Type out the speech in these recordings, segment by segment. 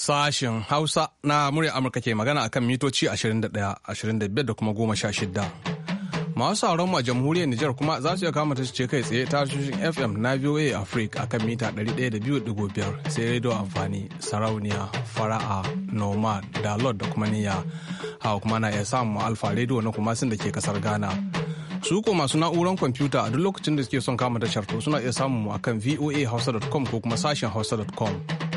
Sashen Hausa na murya Amurka ke magana akan mitoci 21, 25 da kuma 16. Masu sauran mu a jamhuriyar Nijar kuma za su iya kama ta ce kai tsaye ta tashoshin FM na VOA Africa akan mita 102.5 sai rediyo amfani sarauniya fara'a noma da lord da kuma niyya hawa kuma na iya samun alfa rediyo na kuma sun da ke kasar Ghana. su ko masu na'uran kwamfuta a duk lokacin da suke son kama tashar to suna iya samun mu akan hausa.com ko kuma sashen hausa.com.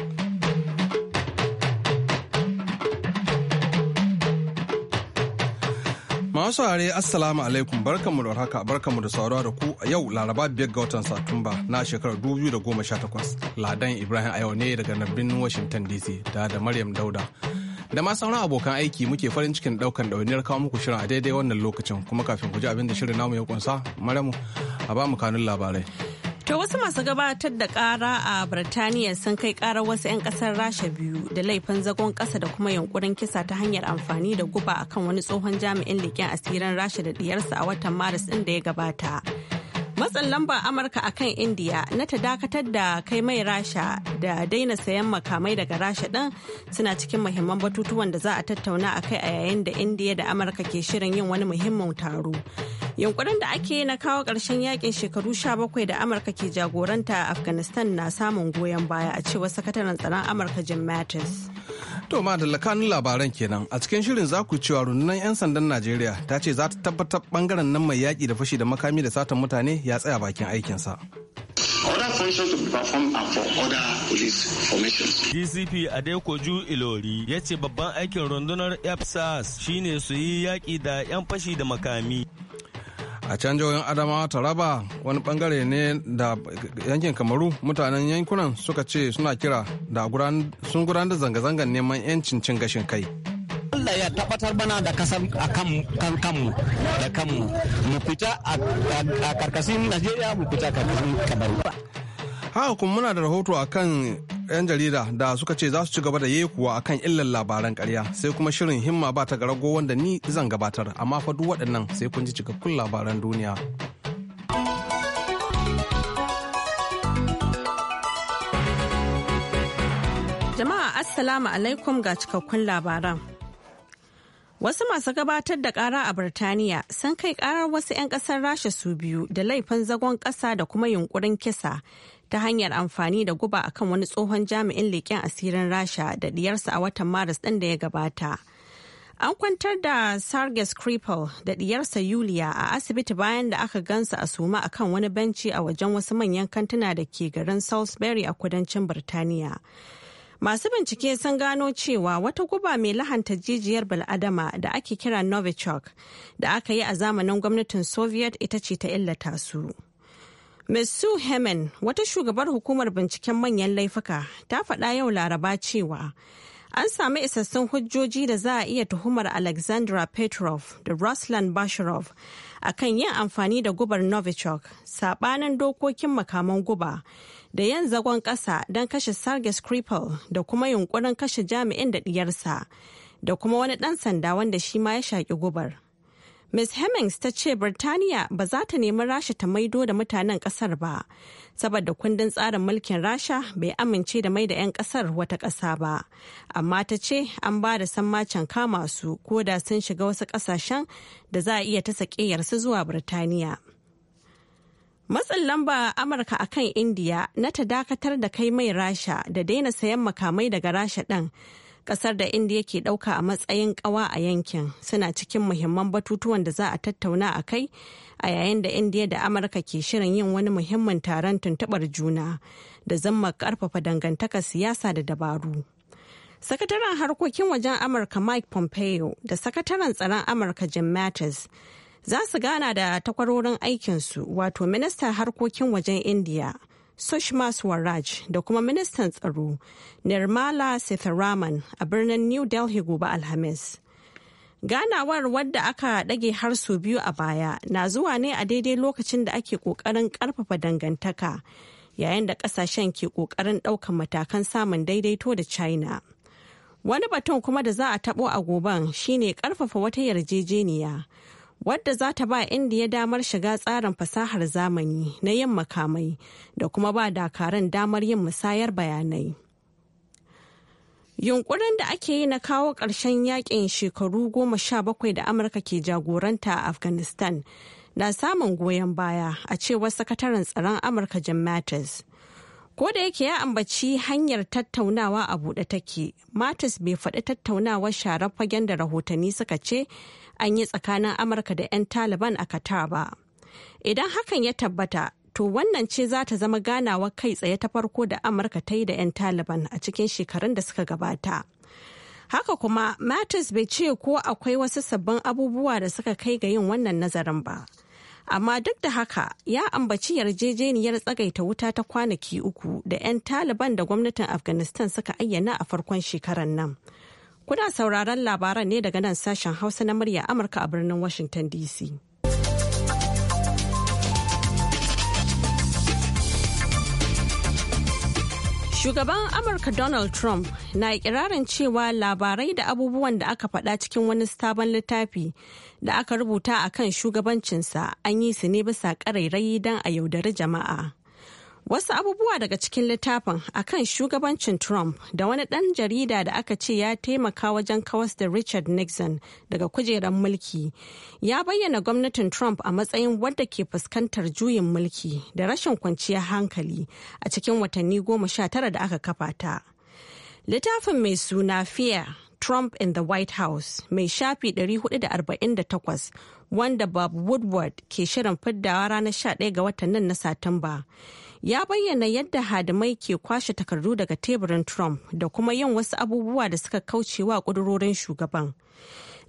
Masu saurare Assalamu alaikum barkanmu da warhaka barkanmu da sauraro da ku a yau Laraba biyar ga watan Satumba na shekarar 2018. Ladan Ibrahim a yau ne daga birnin Washington DC da da Maryam Dauda. Da ma sauran abokan aiki muke farin cikin daukan dauniyar kawo muku shirin a daidai wannan lokacin kuma kafin ku abin da shirin namu ya kunsa Maryamu a bamu kanun labarai. To wasu masu gabatar da kara a Birtaniya sun kai kara wasu 'yan kasar Rasha biyu da laifin zagon kasa da kuma yunkurin kisa ta hanyar amfani da guba akan wani tsohon jami'in leƙen asirin Rasha da diyarsa a watan Maris din da ya gabata. matsin lambar amurka akan indiya na ta dakatar da kai mai rasha da daina sayan makamai daga rasha din suna cikin muhimman batutuwan da za a tattauna a kai a yayin da indiya da amurka ke shirin yin wani muhimmin taro yunkurin da ake na kawo ƙarshen yakin shekaru 17 da amurka ke jagoranta afghanistan na samun goyon baya a cewar sakataren tsaron amurka jim mattis To da kanun labaran kenan a cikin shirin za ku cewa rundunar 'yan sandan Najeriya ta ce za ta tabbatar bangaren nan mai yaƙi da fashi da makami da satan mutane ya tsaya bakin aikinsa. DCP Adekoju Ilori ya ce babban aikin rundunar EFSAS shine su yi yaƙi da 'yan fashi da makami. a can jihohin adamawa taraba wani bangare ne da yankin kamaru mutanen yankunan suka ce suna kira da sun gudanar da zanga-zangar neman 'yancin cin gashin kai Allah ya tabbatar bana da kasar a kan kanmu da kanmu mu fita a karkashin Najeriya mu fita a karkashin Kamaru. Haka kuma muna da rahoto a 'yan jarida da suka ce za su ci gaba da yekuwa a kan illar labaran karya sai kuma shirin himma ba ta garago wanda ni zan gabatar amma fa duk waɗannan sai kun ji cikakkun labaran duniya. Jama'a Assalamu alaikum ga cikakkun labaran. Wasu masu gabatar da kara a Birtaniya sun kai karar wasu 'yan ƙasar Rasha su biyu da laifin zagon ƙasa da kuma yunkurin kisa ta hanyar amfani da guba a kan wani tsohon jami'in leƙen asirin rasha da ɗiyarsa a watan maris ɗin da ya gabata an kwantar da sarges kripal da ɗiyarsa yulia a asibiti bayan da aka gansa a suma a kan wani benci a wajen wasu manyan kantuna da ke garin salisbury a kudancin birtaniya Masu bincike sun gano cewa wata guba mai lahanta jijiyar bil'adama da ake kira Novichok da aka yi a zamanin gwamnatin Soviet ita ce ta illata su. Ms. Sue Hemen, wata shugabar hukumar binciken manyan laifuka, ta faɗa yau laraba cewa an sami isassun hujjoji da za a iya tuhumar Alexandra Petrov da Ruslan Bashirov a kan yin amfani da gubar Novichok, saɓanin dokokin makaman guba, da yan zagon ƙasa don kashe Sergei Skripal da kuma yunkurin kashe jami'in da ɗiyarsa, da kuma wani ɗan sanda wanda shi ma ya shaƙi gubar. Ms. Hemmings ta ce Birtaniya ba za ta nemi Rasha ta maido da mutanen kasar ba, saboda kundin tsarin mulkin Rasha bai amince da mai da 'yan kasar wata ƙasa ba. Amma ta ce an ba da sammacin kama su ko da sun shiga wasu ƙasashen da za a iya ta yarsu zuwa Birtaniya. Matsin lamba Amurka a kan Indiya na ta dakatar da kai mai Rasha da daina sayan makamai daga Rasha ɗin kasar da indiya ke dauka a matsayin kawa a yankin suna cikin muhimman batutuwan da za a tattauna a kai a yayin da indiya da amurka ke shirin yin wani muhimmin taron tuntubar juna da zama karfafa dangantaka siyasa da dabaru sakataren harkokin wajen amurka mike pompeo da sakataren tsaron amurka jim mattis za su gana da takwarorin aikinsu wato minista harkokin wajen indiya Sushma Swaraj da kuma ministan tsaro Nirmala Sitharaman a birnin New Delhi gobe Alhamis. Ganawar wadda aka ɗage har sau biyu a baya na zuwa ne a daidai lokacin da ake ƙoƙarin ƙarfafa dangantaka yayin da ƙasashen ke ƙoƙarin ɗaukan matakan samun daidaito da China. Wani batun kuma da za a taɓo a goban shine ƙarfafa wata yarjejeniya wadda za ta ba indiya damar shiga tsarin fasahar zamani na yin makamai da kuma ba dakaran damar yin musayar bayanai yunkurin da ake yi na kawo ƙarshen yaƙin shekaru goma sha bakwai da amurka ke jagoranta a afghanistan na samun goyon baya a cewar sakataren tsaron amurka jim mattis ko da yake ya ambaci hanyar tattaunawa a buɗe take mattis bai faɗi tattaunawar sharar fagen da rahotanni suka ce an yi tsakanin amurka da 'yan taliban a qatar ba idan hakan ya tabbata to wannan ce za ta zama ganawar kai tsaye ta farko da amurka ta yi da 'yan taliban a cikin shekarun da suka gabata haka kuma mattis bai ce ko akwai wasu sabbin abubuwa da suka kai ga yin wannan nazarin ba amma duk da haka ya ambaci yarjejeniyar tsagaita wuta ta kwanaki uku da 'yan taliban da gwamnatin afghanistan suka ayyana a farkon shekarar nan Kuna sauraron labaran ne daga nan sashen Hausa na murya Amurka a birnin Washington DC. Shugaban Amurka Donald Trump na ikirarin cewa labarai da abubuwan da aka faɗa cikin wani sabon littafi da aka rubuta a kan shugabancinsa an yi su ne bisa ƙarairayi don a yaudari jama'a. Wasu abubuwa daga cikin littafin akan shugabancin Trump da wani ɗan jarida da aka ce ya taimaka wajen kawas da Richard Nixon daga kujerar mulki ya bayyana gwamnatin Trump a matsayin wadda ke fuskantar juyin mulki da rashin kwanciyar hankali a cikin watanni goma sha tara da aka kafa ta. Littafin mai suna Fear Trump in the White House mai shafi 448 wanda Bob Woodward ke shirin fiddawa ranar 11 ga watan nan na Satumba. ya bayyana yadda hadimai ke kwashe takardu daga teburin trump da kuma yin wasu abubuwa da suka kauce wa kudurorin shugaban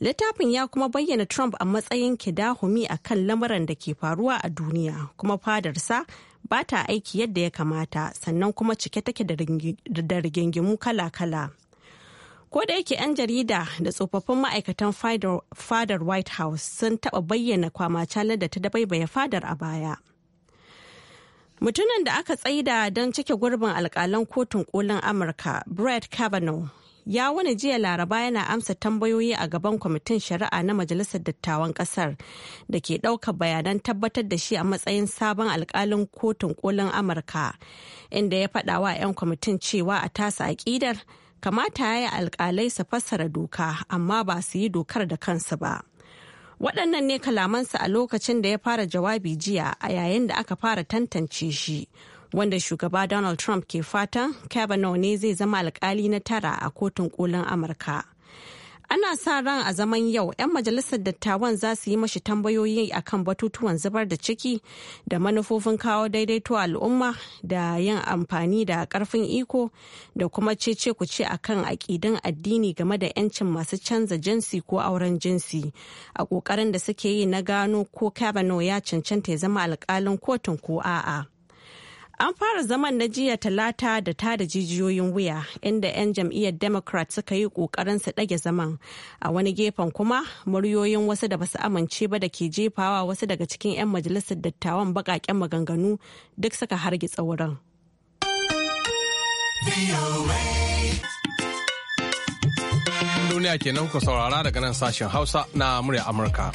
littafin ya kuma bayyana trump a matsayin kidahumi a kan lamuran da ke faruwa a duniya kuma fadarsa ba ta aiki yadda ya kamata sannan kuma cike take da rigingimu kala-kala ko da yake 'yan jarida da tsofaffin ma'aikatan fadar white house sun taɓa bayyana kwamacalar da ta dabaibaya fadar a baya Mutumin da aka tsaida don cike gurbin alkalan kotun kolin Amurka, Brett Kavanaugh, ya wani jiya laraba yana amsa tambayoyi a gaban kwamitin shari'a na majalisar dattawan kasar da ke ɗaukar bayanan tabbatar da shi a matsayin sabon alkalin kotun kolin amurka inda ya faɗa wa 'yan kwamitin cewa a tasa aƙidar kamata ya yi alkalai su fassara doka amma ba su yi dokar da kansu ba waɗannan ne kalamansa a lokacin da ya fara jawabi jiya a yayin da aka fara tantance shi wanda shugaba donald trump ke fatan kavanaugh ne zai zama alkali na tara a kotun kolin amurka ana sa ran a zaman yau 'yan majalisar dattawan za su yi mashi tambayoyi akan batutuwan zubar da ciki da manufofin kawo daidaito al'umma da yin amfani da karfin iko da kuma cece ku ce akan aƙidan addini game da 'yancin masu canza jinsi ko auren jinsi a ƙoƙarin da suke yi na gano ko kavanaugh ya cancanta ya zama alƙalin kotun ko a'a. An fara zaman na jiya talata da ta da jijiyoyin wuya inda 'yan jam'iyyar Democrat suka yi kokarin su ɗage zaman. A wani gefen kuma muryoyin wasu da basu amince ba da ke jefawa wasu daga cikin 'yan majalisar dattawan baƙaƙen maganganu duk suka hargitsa wurin. Duniya kenan kuka saurara daga nan sashen Hausa na murya Amurka.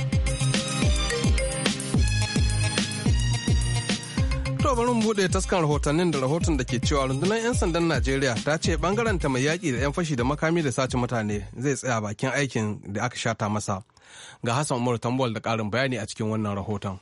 To bari mu bude taskan rahotannin da rahoton da ke cewa rundunar 'yan sandan Najeriya ta ce bangaranta mai yaƙi da 'yan fashi da makami da sace mutane zai tsaya bakin aikin da aka shata masa. Ga Hassan Umar Tambol da ƙarin bayani a cikin wannan rahoton.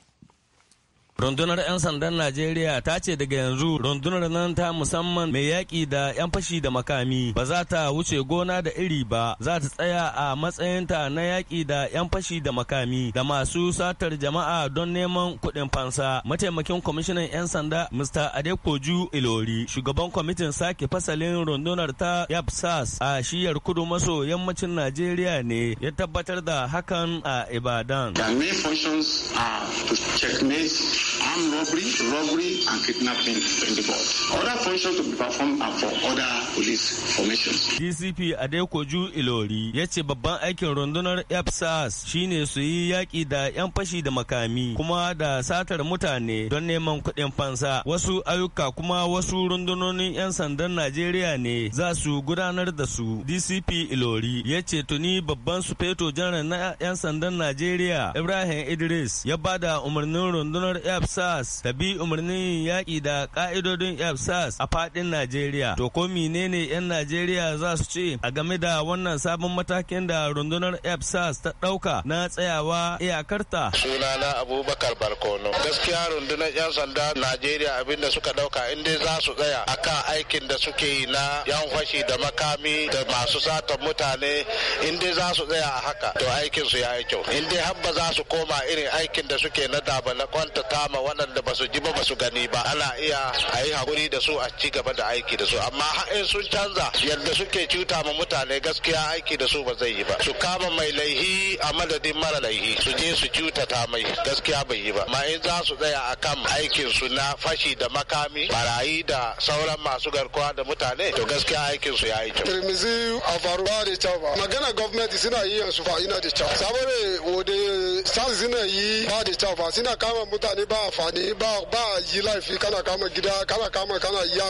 rundunar 'yan sandan najeriya ta ce daga yanzu rundunar nan ta musamman mai yaƙi da 'yan fashi da makami ba za ta wuce gona da iri ba za ta tsaya a matsayinta na yaƙi da 'yan fashi da makami da masu satar jama'a don neman kuɗin fansa mataimakin kwamishinan 'yan sanda mr adekoju ilori shugaban kwamitin sake fasalin rundunar ta yapsas a shiyar kudu maso yammacin najeriya ne ya tabbatar da hakan a ibadan. armed robbery, robbery, and kidnapping in the board. Other functions to be performed are for other police formations. DCP Adekoju Ilori ya ce babban aikin rundunar EFSAS shine su yi yaƙi da 'yan fashi da makami kuma da satar mutane don neman kuɗin fansa. Wasu ayyuka kuma wasu rundunonin 'yan sandan Najeriya ne za su gudanar da su. DCP Ilori ya ce tuni babban sufeto janar na 'yan sandan Najeriya Ibrahim Idris ya ba da umarnin rundunar EFSAS EFSAS ta bi umarnin yaƙi da ƙa'idodin EFSAS a faɗin Najeriya. To ko menene 'yan Najeriya za su ce a game da wannan sabon matakin da rundunar EFSAS ta ɗauka na tsayawa iyakarta? Sunana Abubakar Barkono. Gaskiya rundunar 'yan sanda Najeriya abin da suka ɗauka in dai za su tsaya a kan aikin da suke yi na yan fashi da makami da masu satan mutane in dai za su tsaya a haka to aikinsu ya yi kyau. In dai har ba za su koma irin aikin da suke na na kwanta tama waɗanda ba su ji ba ba su gani ba ana iya a yi haƙuri da su a ci gaba da aiki da su amma in sun canza yadda suke cuta ma mutane gaskiya aiki da su ba zai yi ba su kama mai laihi a madadin mara laihi su je su ta mai gaskiya bai yi ba amma in za su tsaya kan aikin su na fashi da makami barayi da sauran masu garkuwa da mutane to gaskiya aikin su ya yi kyau tirmizi a ba da kyau ba magana gwamnati suna yi yanzu fa ina da kyau saboda wode sas suna yi ba da kyau ba suna kama mutane ba amfani ba ba yi laifi kana kama gida kana kama kana ya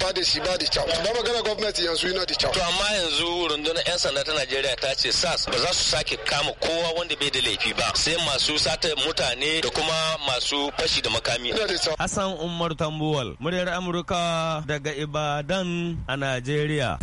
ba da shi ba da ba magana gwamnati yanzu yana da kyau to amma yanzu rundunar yan sanda ta Najeriya ta ce SAS ba za su sake kama kowa wanda bai da laifi ba sai masu sata mutane da kuma masu fashi da makami Hassan Umar Tambuwal muryar Amurka daga Ibadan a Najeriya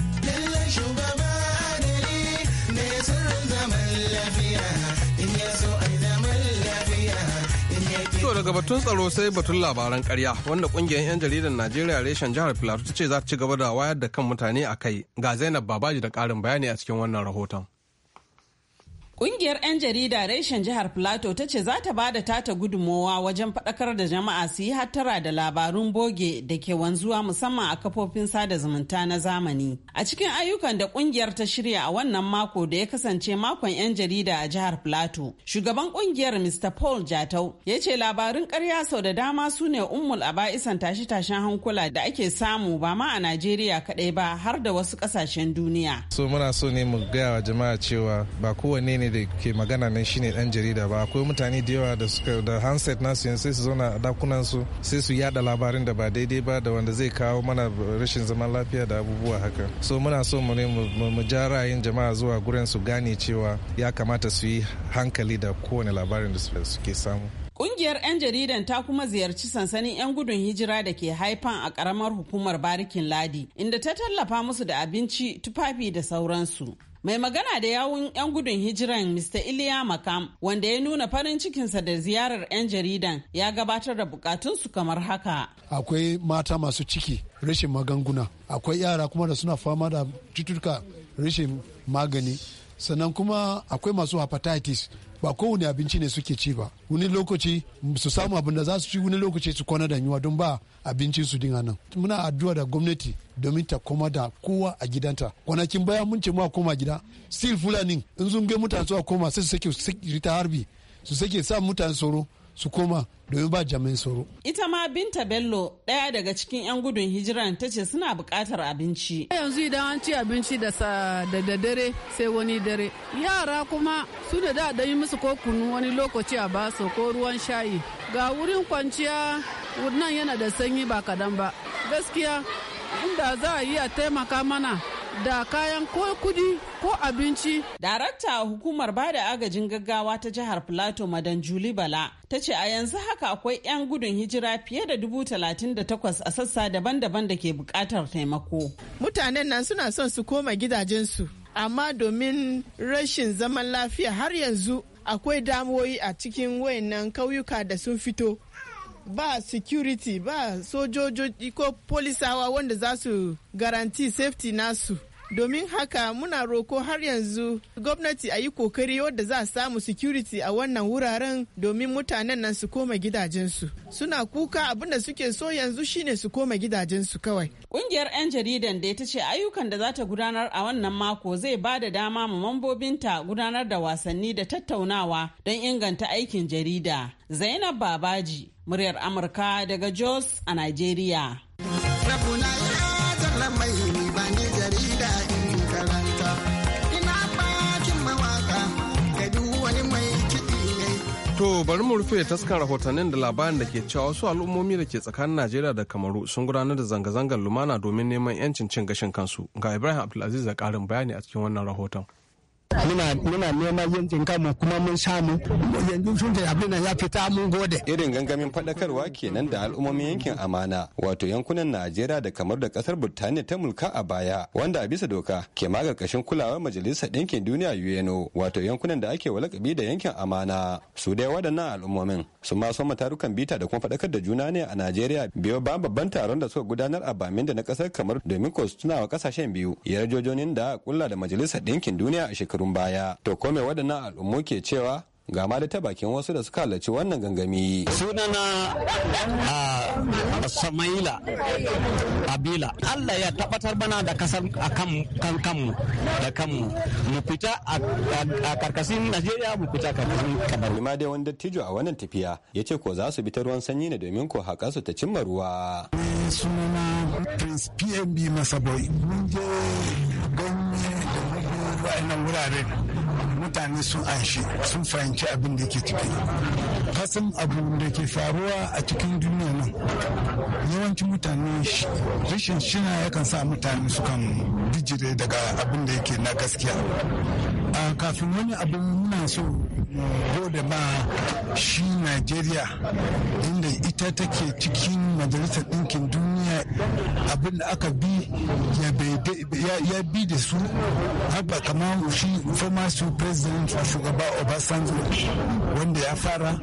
To daga batun tsaro sai batun labaran karya wanda kungiyar 'yan jaridar Najeriya reshen jihar Filato ta ce za ta ci gaba da wayar da kan mutane a kai ga Zainab Babaji da karin bayani a cikin wannan rahoton. Kungiyar 'yan jarida reshen jihar Plateau ta ce za ta ba da tata gudummawa wajen faɗakar da jama'a su yi hattara da labarun boge da ke wanzuwa musamman a kafofin sada zumunta na zamani. A cikin ayyukan da kungiyar ta shirya a wannan mako da ya kasance makon 'yan jarida a jihar Plateau, shugaban kungiyar Mr. Paul Jatau ya ce labarun karya sau da dama su ne ummul aba'isan tashe-tashen hankula da ake samu ba ma a Najeriya kaɗai ba har da wasu ƙasashen duniya. So muna so ne mu gaya wa jama'a cewa ba kowanne ne da ke magana nan shine dan jarida ba akwai mutane da yawa da suka da handset nasu yanzu sai su zauna a dakunan su sai su yada labarin da ba daidai ba da wanda zai kawo mana rashin zaman lafiya da abubuwa haka so muna so mu ne mu ja ra'ayin jama'a zuwa gurin su gane cewa ya kamata su yi hankali da kowane labarin da suke samu ƙungiyar 'yan jaridan ta kuma ziyarci sansanin 'yan gudun hijira da ke haifan a karamar hukumar barikin ladi inda ta tallafa musu da abinci tufafi da sauransu. Mai magana da yawun 'yan gudun hijiran Mr. Iliya Makam wanda ya nuna farin cikinsa da ziyarar 'yan jaridan ya gabatar da bukatunsu kamar haka. Akwai mata masu ciki rashin maganguna akwai yara kuma da suna fama da cututtuka rashin magani. sannan kuma akwai masu hepatitis ba kowane abinci ne suke ci ba wani lokaci su samu abin da za su ci wani lokaci su kwana da yunwa don ba abincin su dinga nan muna addu'a da gwamnati domin ta koma da kowa a gidanta kwanakin baya mun ce mu a koma gida still fulani in sun ga mutane su a koma sai su sake rita harbi su sake sa mutane tsoro su koma domin ba jami'in tsaro. Ita ma Binta Bello ɗaya daga cikin 'yan gudun hijiran ta ce suna buƙatar abinci. Yanzu idan an ci abinci da da dare sai wani dare. Yara kuma su da da yi musu ko kunu wani lokaci a basu ko ruwan shayi. Ga wurin kwanciya nan yana da sanyi ba kadan ba. Gaskiya inda za a yi a taimaka mana da kayan ko kudi ko abinci. Darakta a hukumar bada agajin gaggawa ta jihar Filato Madan Juli Bala ta ce a yanzu haka akwai 'yan gudun hijira fiye da dubu talatin da takwas a sassa daban-daban da ke bukatar taimako. Mutanen nan suna son su koma gidajensu amma domin rashin zaman lafiya har yanzu akwai damoyi a cikin wayannan kauyuka da sun fito ba security ba sojoji ko polisawa wanda za su garanti safety nasu domin haka muna roko har yanzu gwamnati a yi kokari wadda za a samu security a wannan wuraren domin mutanen nan su koma gidajensu suna kuka abinda suke so yanzu shine su koma gidajensu kawai kungiyar 'yan jaridan da ta ce ayyukan da za ta gudanar a wannan mako zai ba da dama ma mambobinta gudanar da wasanni da tattaunawa don inganta aikin jarida zainab babaji muryar amurka daga jos a nigeria To bari mu rufe taskan rahotannin da labarin da ke cewa wasu al'ummomi da ke tsakanin Najeriya da Kamaru sun gudanar da zanga-zangar lumana domin neman 'yancin cin gashin kansu. Ga Ibrahim Abdulaziz da karin bayani a cikin wannan rahoton. muna muna neman yankin kanmu kuma mun samu yanzu sun da abin ya fita mun gode irin gangamin faɗakarwa kenan da al'ummomin yankin amana wato yankunan najeriya da kamar da kasar burtaniya ta mulka a baya wanda a bisa doka ke magarkashin kulawar majalisar ɗinkin duniya uno wato yankunan da ake walakabi da yankin amana su dai waɗannan al'ummomin su ma soma tarukan bita da kuma faɗakar da juna ne a Najeriya biyo ba babban taron da suka gudanar a Bamin da na ƙasar kamar domin ko wa ƙasashen biyu yarjojonin da kulla da Majalisar Ɗinkin Duniya a shekarun baya. To kome waɗannan al'ummu ke cewa ga ma da ta bakin wasu da suka halarci wannan gangami sunana a ah, samaila abila allah ya tabbatar mana da kasar a kanmu da kanmu mu fita a karkashin najeriya mu fita karkashin kamar ma dai wani dattijo a wannan tafiya ya ce ko za su bi ta ruwan sanyi ne domin ko haƙa su ta cimma ruwa sunana prince pmb masaboy mun je ganye da wa'annan wuraren mutane sun anshi sun fahimci abin da ke ciki kasan abu da ke faruwa a cikin duniya nan yawancin mutane rashin shina yakan sa mutane su kan bijire daga abin da yake na gaskiya a kafin wani abin muna so gode ma shi najeriya inda ita take cikin majalisar ɗinkin duniya hanya abin da aka bi ya bi da su haka kamar shi former su president shugaba obasanjo wanda ya fara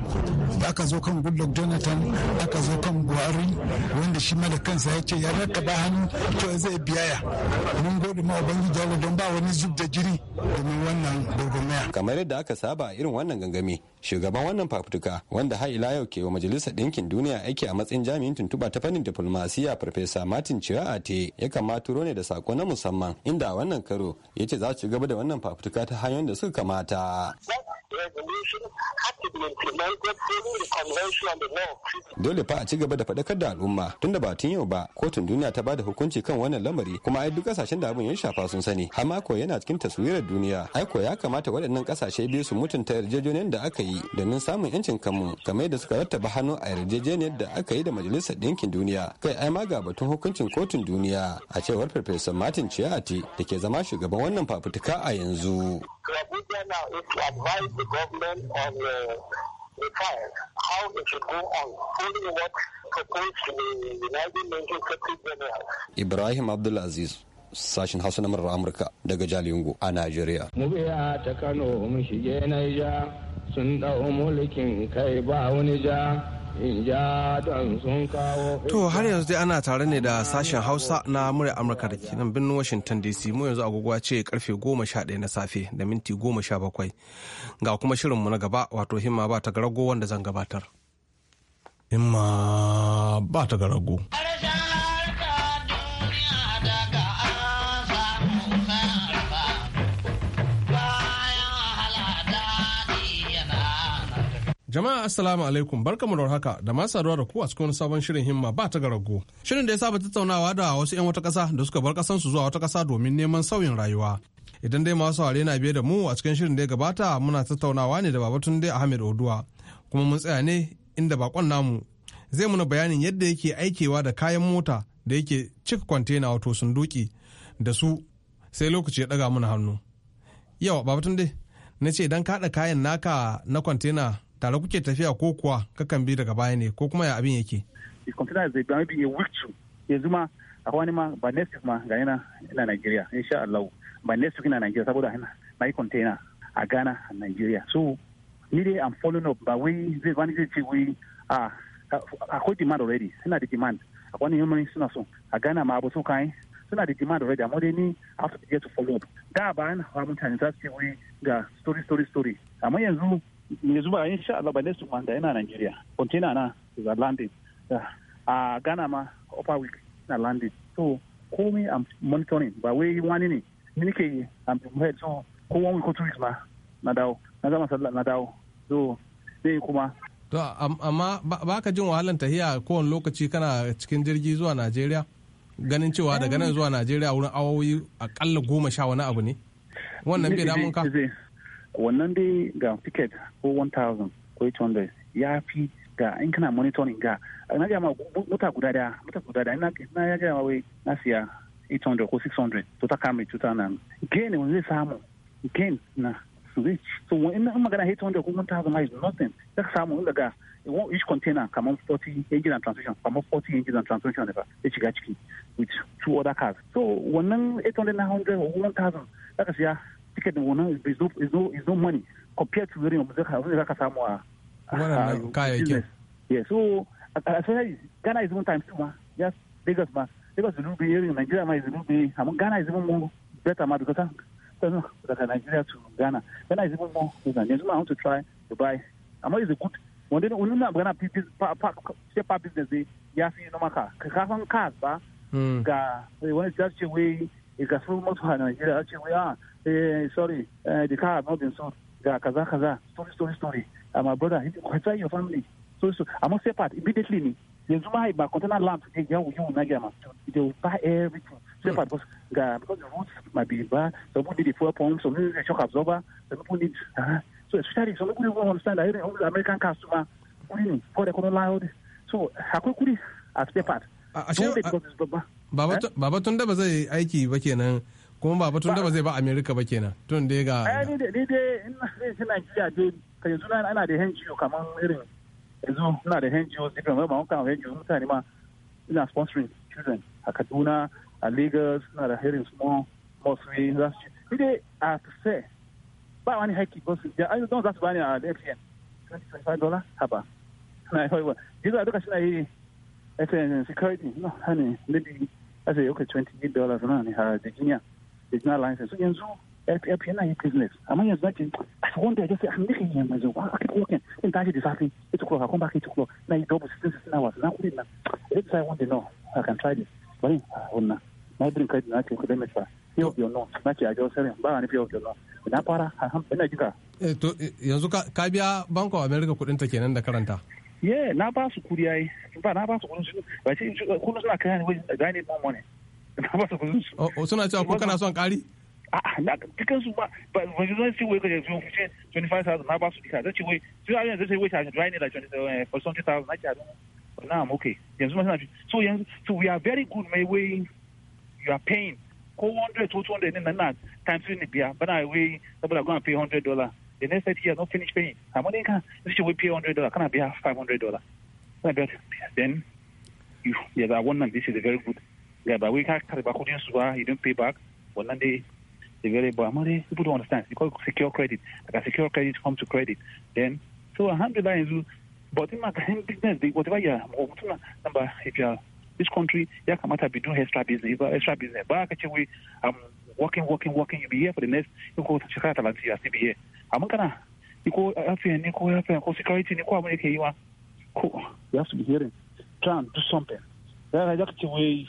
da aka zo kan goodluck jonathan aka zo kan buhari wanda shi mada kansa ya ce ya raka ba hannu to zai biyaya mun gode ma ubangiji don ba wani zub da jiri domin wannan gurgumaya kamar yadda aka saba irin wannan gangami shugaban wannan fafutuka wanda har ila yau ke wa majalisar ɗinkin duniya aiki a matsayin jami'in tuntuɓa ta fannin diplomasiya farfesa martin ate ya kamata turo ne da sako na musamman inda a wannan karo ya ce za su gaba da wannan fafutuka ta hanyoyin da suka kamata. Dole fa a ci gaba da faɗakar da al'umma tun da ba tun yau ba kotun duniya ta bada hukunci kan wannan lamari kuma ai duk kasashen da abin ya shafa sun sani amma ko yana cikin taswirar duniya ai ko ya kamata waɗannan kasashe biyu su mutunta yarjejeniyar da aka yi domin samun yancin kanmu kamar yadda suka rattaba hannu a yarjejeniyar da aka yi da majalisar ɗinkin duniya kai ai ma ga batun hukuncin kotun duniya a cewar farfesa martin ciyati da ke zama shugaban wannan fafutuka a yanzu. The idea now is to advise the government on uh, the how it should go on, following what proposed to the United Nations Secretary General. Ibrahim Abdulaziz. sashen hausa na murar amurka daga jalingo a najeriya mu biya ta kano mu shige naija sun dau mulkin kai ba wani ja To har yanzu dai ana tare ne da sashen Hausa na murya Amurka da ke nan birnin Washington DC mu yanzu agogwa ce karfe goma sha ɗaya na safe da minti goma sha bakwai. Ga kuma shirinmu na gaba wato himma ba ta garago wanda zan gabatar. Himma ba ta garago. Jama'a Assalamu alaikum barkamu da haka da ma saduwa da ku a cikin sabon shirin himma ba ta garago. Shirin da ya saba tattaunawa da wasu 'yan wata ƙasa da suka bar ƙasansu zuwa wata ƙasa domin neman sauyin rayuwa. Idan dai masu saurare na biye da mu a cikin shirin da ya gabata muna tattaunawa ne da Babatunde Ahmed Oduwa kuma mun tsaya ne inda bakon namu zai muna bayanin yadda yake aikewa da kayan mota da yake cika kwantena wato sunduki da su sai lokaci ya ɗaga mana hannu yawa babatun dai na ce idan kaɗa kayan naka na kwantena tare kuke tafiya ko kuwa kakan bi daga baya ne ko kuma ya abin yake is considered as a bami being a week two yanzu ma wani ma ba next ma ga yana ina Nigeria insha Allah ba next ina Nigeria saboda na yi container a Ghana a Nigeria so ni dai am following up ba wai zai wani zai ce wai a ah, ko demand already suna da demand a wani yamma suna so a Ghana ma abu so kai suna da demand already amma dai ni have to get to follow up da ba na mutane za su ce wai ga story story story amma yanzu mai zuba yin sha Allah ba su month yana Nigeria container na is landing ah, a Ghana ma upper week na landing so komai am monitoring ba wai wani ne ni nake am head so ko wani ko tourist ma na dawo na zama sallah na dawo so sai kuma to amma ba ka jin wahalan tahiya kowane lokaci kana cikin jirgi zuwa Najeriya ganin cewa daga nan zuwa Najeriya wurin awowi akalla goma sha wani abu ne wannan bai damun ka wannan dai ga ticket ko 1000 ko 800 ya fi ga in kana monitoring ga na gaya ma mota guda daya mota guda daya na ya gaya ma wai na siya 800 ko 600 to ta kame cuta nan gain wani zai samu gain na rich so in na magana 800 ko 1000 ma is nothing ta ka samu inda ga each container kamar 40 engine and transmission kamar 40 engine and transmission ne ba ya shiga ciki with two other cars so wannan 800 na 100 ko 1000 ta ka siya ticket din wannan is no is no is no money compared to irin yanzu abin zaka samu a so Ghana is one time too ma yes Lagos ma Lagos is little here in Nigeria ma is little bit amma Ghana is even more better ma because tana daga Nigeria to Ghana Ghana is even more than I want to try Dubai amma is a good wanda ne wannan magana sai pa business ne ya fi normal ka ka san cars ba ga wani just ce wai gafin mutu a Najeriya a ce wai eh sorry uh, the car not been sold ga kaza kaza Sorry, sorry, sorry. uh, ah, my brother he can your family so so I must say part immediately ni container lamp they will buy everything say part because because the roads might be bad some people need the fuel pump some people need the shock absorber some people need uh, so especially some people don't understand that all the American customer only for the container loud. so hakuri aspect part. Uh, ashe, uh, baba eh? tun da ba zai aiki ba kenan kuma baba tun da ba zai ba amerika ba kenan tun da ga eh, ni da ni ina zai shi Najeriya dai ka yanzu na ana da hengiyo kaman irin yanzu ina da hengiyo zai mai ba mun kan NGO mutane ma ina sponsoring children a Kaduna a Lagos ina da herin small mosque za su ni dai a sai ba wani haiki ko su da ai don za su bani a LPN 25 dollars haba na yi haihuwa yanzu a duka suna yi security na hani maybe as a yoke eight dollars na ne ha da jinya da jina license so yanzu FF yana yi business amma yanzu zaki a wanda ya sai an nake yin yanzu a kai kokin in tashi da safi ita kuro ka kuma kai ta kuma na yi double six six na wasu na na nan let's say one day no I can try this a wannan na bin kai na ce kudin mai fa yau biyo no na ce a jawo sare ba ni yau biyo no na fara ina jika yanzu ka biya bank of america kuɗin ta kenan da karanta Yeah, na ba su kudi ai ba na ba su kudin su ba ce kuna suna kai wai gane ba mu ne na ba su kudin su oh, oh suna cewa ko kana son kari Ah, na cikin su ba ba ba zan ce wai kaje zuwa fice 25000 na ba su dika zace wai su ya yanzu sai wai ta dry ne da 20000 eh, na ci adun na am okay yanzu ma suna so yanzu so we are very good my way you are paying ko 100 to 200 ne na na times ne biya bana wai saboda go and pay 100 dollar The next 30 years, not finish paying. How when they can, this will pay $100. Can I pay $500? Can I Then, you, yes, I want This is a very good Yeah, But we can't carry back. You don't pay back. One day, the very money, people don't understand. You call secure credit. Like a secure credit come to credit. Then, so alhamdulillah, you but in my business, whatever you are, number, if you are this country, yeah, come out be doing extra business, extra business. But actually, I'm um, working, working, working. You'll be here for the next, you go to Chicago, and you'll still be here. amma kana ko lafiya ne ko lafiya ko security ne ko abin da ke yi wa ko you have to be hearing try and do something that is the way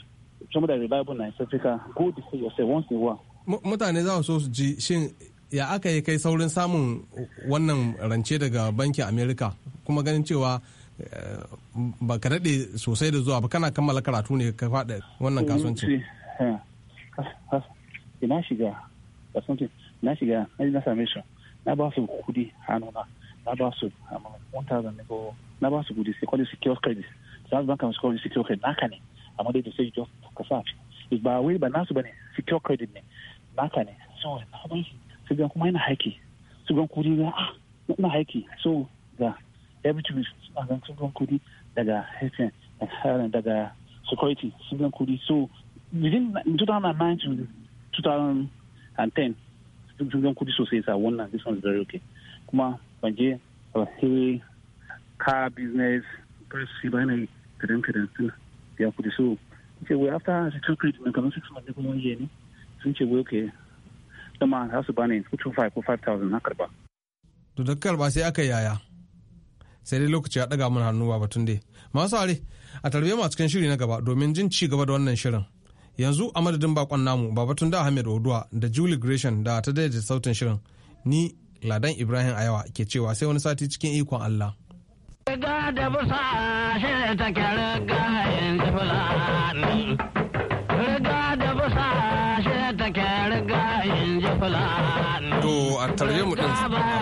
some of the reliable na East Africa go to see yourself once in a while mutane za so su ji shin ya aka yi kai saurin samun wannan rance daga bankin america kuma ganin cewa eh, ba ka daɗe sosai da zuwa ba kana kammala karatu ne ka faɗa wannan eh, kasuwanci eh, ina shiga shiga na shiga na same shi na ba su kudi hannuna na ba su 1000 um, ne ko na ba su kudi sai kwalli secure credit sai banka musu kwalli secure credit naka ne amma dai da sai just ka sa ba wai ba nasu bane secure credit ne naka ne so na ba su su ga kuma yana haiki su ga kudi ga ah ina haiki so ga everything suna ga su ga kudi daga hsn daga security su ga kudi so within 2009 to 2010 jirgin kudi sosai sa wannan this one is very okay kuma ban je sai car business press ba yanayi kadan kadan suna ya kudi so ce wai after the two credit na kamar six months kuma wani ne sun ce wai okay dama za su bani kucin five ko five thousand na karba to da karba sai aka yaya sai dai lokaci ya daga mana hannu ba batun dai masu are a tarbe masu cikin shiri na gaba domin jin ci gaba da wannan shirin yanzu a madadin bakon namu babatun da ahmed oduwa da julie gresham da ta daidaita sautin shirin ni ladan ibrahim ayawa ke cewa sai wani sati cikin ikon allah din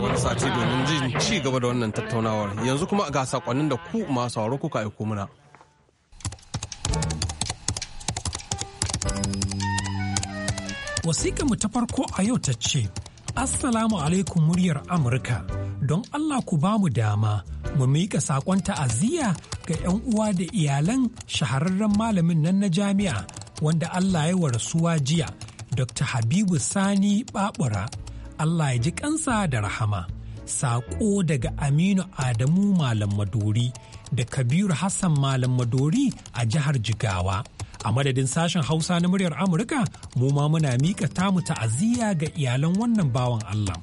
wani sati domin jin ci gaba da wannan tattaunawar yanzu kuma ga sakonnin da ku masu sauraro kuka aiko mana. mu ta farko a yau ta ce, Assalamu alaikum muryar Amurka, don Allah ku ba mu dama, mu miƙa saƙon ta'aziyya ga 'yan uwa da iyalan shahararren malamin nan na jami'a wanda Allah ya wa rasuwa jiya, Dr. Habibu Sani Babura. Allah ya ji kansa da rahama. Saƙo daga Aminu Adamu Malam maduri da Kabiru Hassan Malam Madori a jihar Jigawa. A madadin sashen Hausa na muryar Amurka, mu ma muna mika mu ta'aziyya ga iyalan wannan bawan Allah.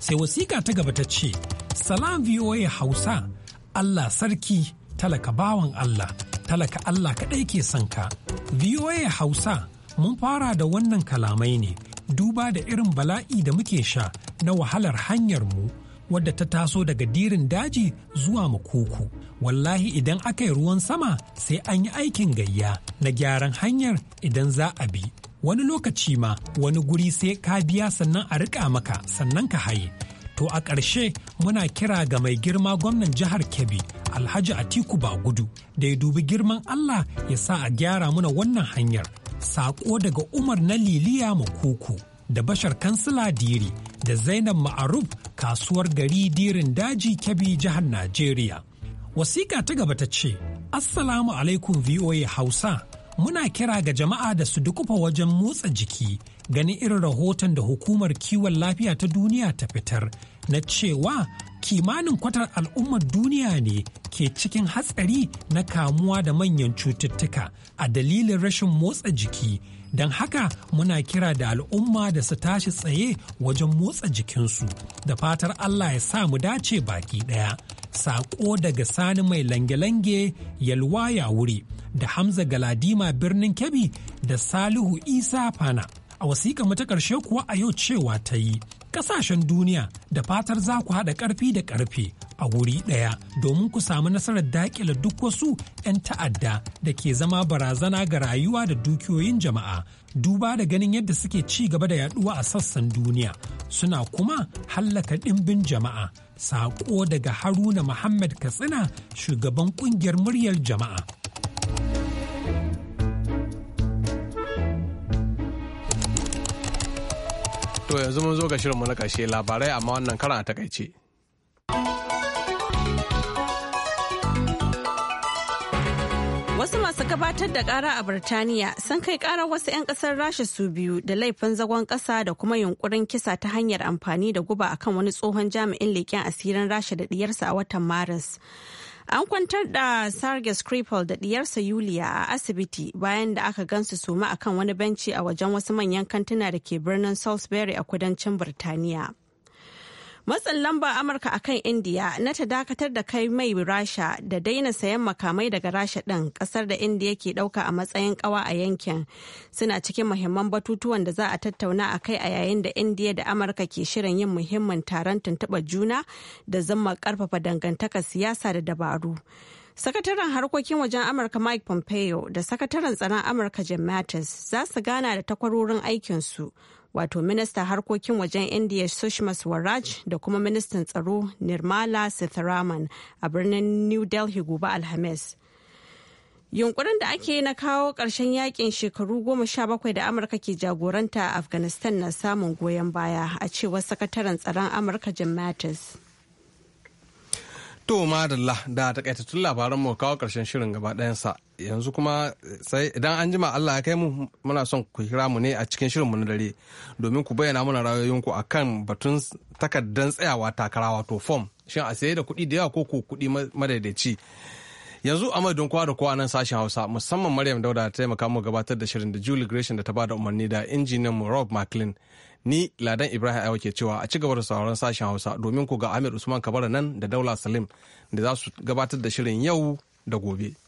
Sai wasiƙa ta gaba ta ce, Salam VOA Hausa, Allah sarki, talaka bawan Allah, talaka Allah kaɗai ke son ka. VOA Hausa, mun fara da wannan kalamai ne, duba da irin bala'i da muke sha na wahalar hanyar mu. wadda ta taso daga dirin daji zuwa makuku wallahi idan aka yi ruwan sama sai an yi aikin gayya na gyaran hanyar idan za a bi wani lokaci ma wani guri sai ka biya sannan a riƙa maka sannan ka haye to a ƙarshe muna kira ga mai girma gwamnan jihar kebbi alhaji atiku bagudu da ya dubi girman allah ya sa a gyara muna wannan hanyar saƙo daga umar na liliya makuku da bashar kansila diri da Zainab Ma'aruf kasuwar gari dirin daji kebi jihar Najeriya. Wasiƙa ta gaba ta ce, Assalamu alaikum VOA Hausa, muna kira ga jama'a da su dukufa wajen motsa jiki gani irin rahoton da hukumar kiwon lafiya ta duniya ta fitar na cewa kimanin kwatar al'ummar duniya ne ke cikin hatsari na kamuwa da manyan cututtuka a dalilin rashin motsa jiki. don haka muna kira da al'umma da su tashi tsaye wajen motsa jikinsu da fatar allah ya sa mu dace baki ɗaya saƙo daga sani mai lange-lange yalwa ya wuri da hamza galadima birnin kebbi da salihu isa fana a wasiƙa mata ƙarshe kuwa a yau cewa ta yi ƙasashen duniya da fatar za ku haɗa ƙarfi da ƙarfe a wuri ɗaya domin ku samu nasarar daƙila duk wasu 'yan ta'adda da ke zama barazana ga rayuwa da dukiyoyin jama'a duba da ganin yadda suke ci gaba da yaduwa a sassan duniya suna kuma hallaka ɗimbin jama'a saƙo daga haruna muhammad katsina shugaban ƙungiyar muryar jama'a To yanzu mun zo ga shirinmu na ƙarshe labarai amma wannan karan a takaice. Wasu masu gabatar da kara a Birtaniya sun kai karar wasu 'yan kasar Rasha su biyu da laifin zagon kasa da kuma yunkurin kisa ta hanyar amfani da guba akan wani tsohon jami'in leƙen asirin Rasha da diyarsa a watan Maris. An kwantar da Sergei Skripal da diyarsa Yulia a asibiti bayan da aka gansu suma akan wani benci a wajen wasu manyan kantuna da ke birnin Salisbury a kudancin Birtaniya. matsin lamba amurka akan indiya na ta dakatar da kai mai rasha da daina sayan makamai daga rasha ɗin ƙasar da indiya ke ɗauka a matsayin ƙawa a yankin suna cikin muhimman batutuwan da za a tattauna a kai a yayin da indiya da amurka ke shirin yin muhimmin taron tuntuɓa juna da zama karfafa dangantakar siyasa da dabaru sakataren harkokin wajen amurka mike pompeo da sakataren tsaron amurka jim mattis za su gana da takwarorin aikinsu wato minista harkokin wajen india sushma swaraj da kuma ministan tsaro nirmala sitharaman a birnin new delhi gobe alhamis yunkurin da ake na kawo ƙarshen yakin shekaru goma sha bakwai da amurka ke jagoranta afghanistan na samun goyon baya a cewar sakataren tsaron amurka jim mattis To madalla da takaitattun labaran mu kawo karshen shirin gaba ɗayansa yanzu kuma sai idan an jima Allah ya kai mu muna son ku kira mu ne a cikin shirin mu na dare domin ku bayyana mana ra'ayoyinku akan batun takardar tsayawa takara wato form shin a saye da kuɗi da yawa ko ku kuɗi madaidaici. Yanzu a don kowa da kowa nan sashen Hausa musamman Maryam Dauda ta taimaka mu gabatar da shirin da Julie Gresham da ta bada umarni da injiniyan mu Rob McLean. Ni Ladan Ibrahim Awa ke cewa a cigaba da sauran sashen Hausa domin ku ga Ahmed Usman Kabara nan da Daula Salim da za su gabatar da shirin yau da gobe.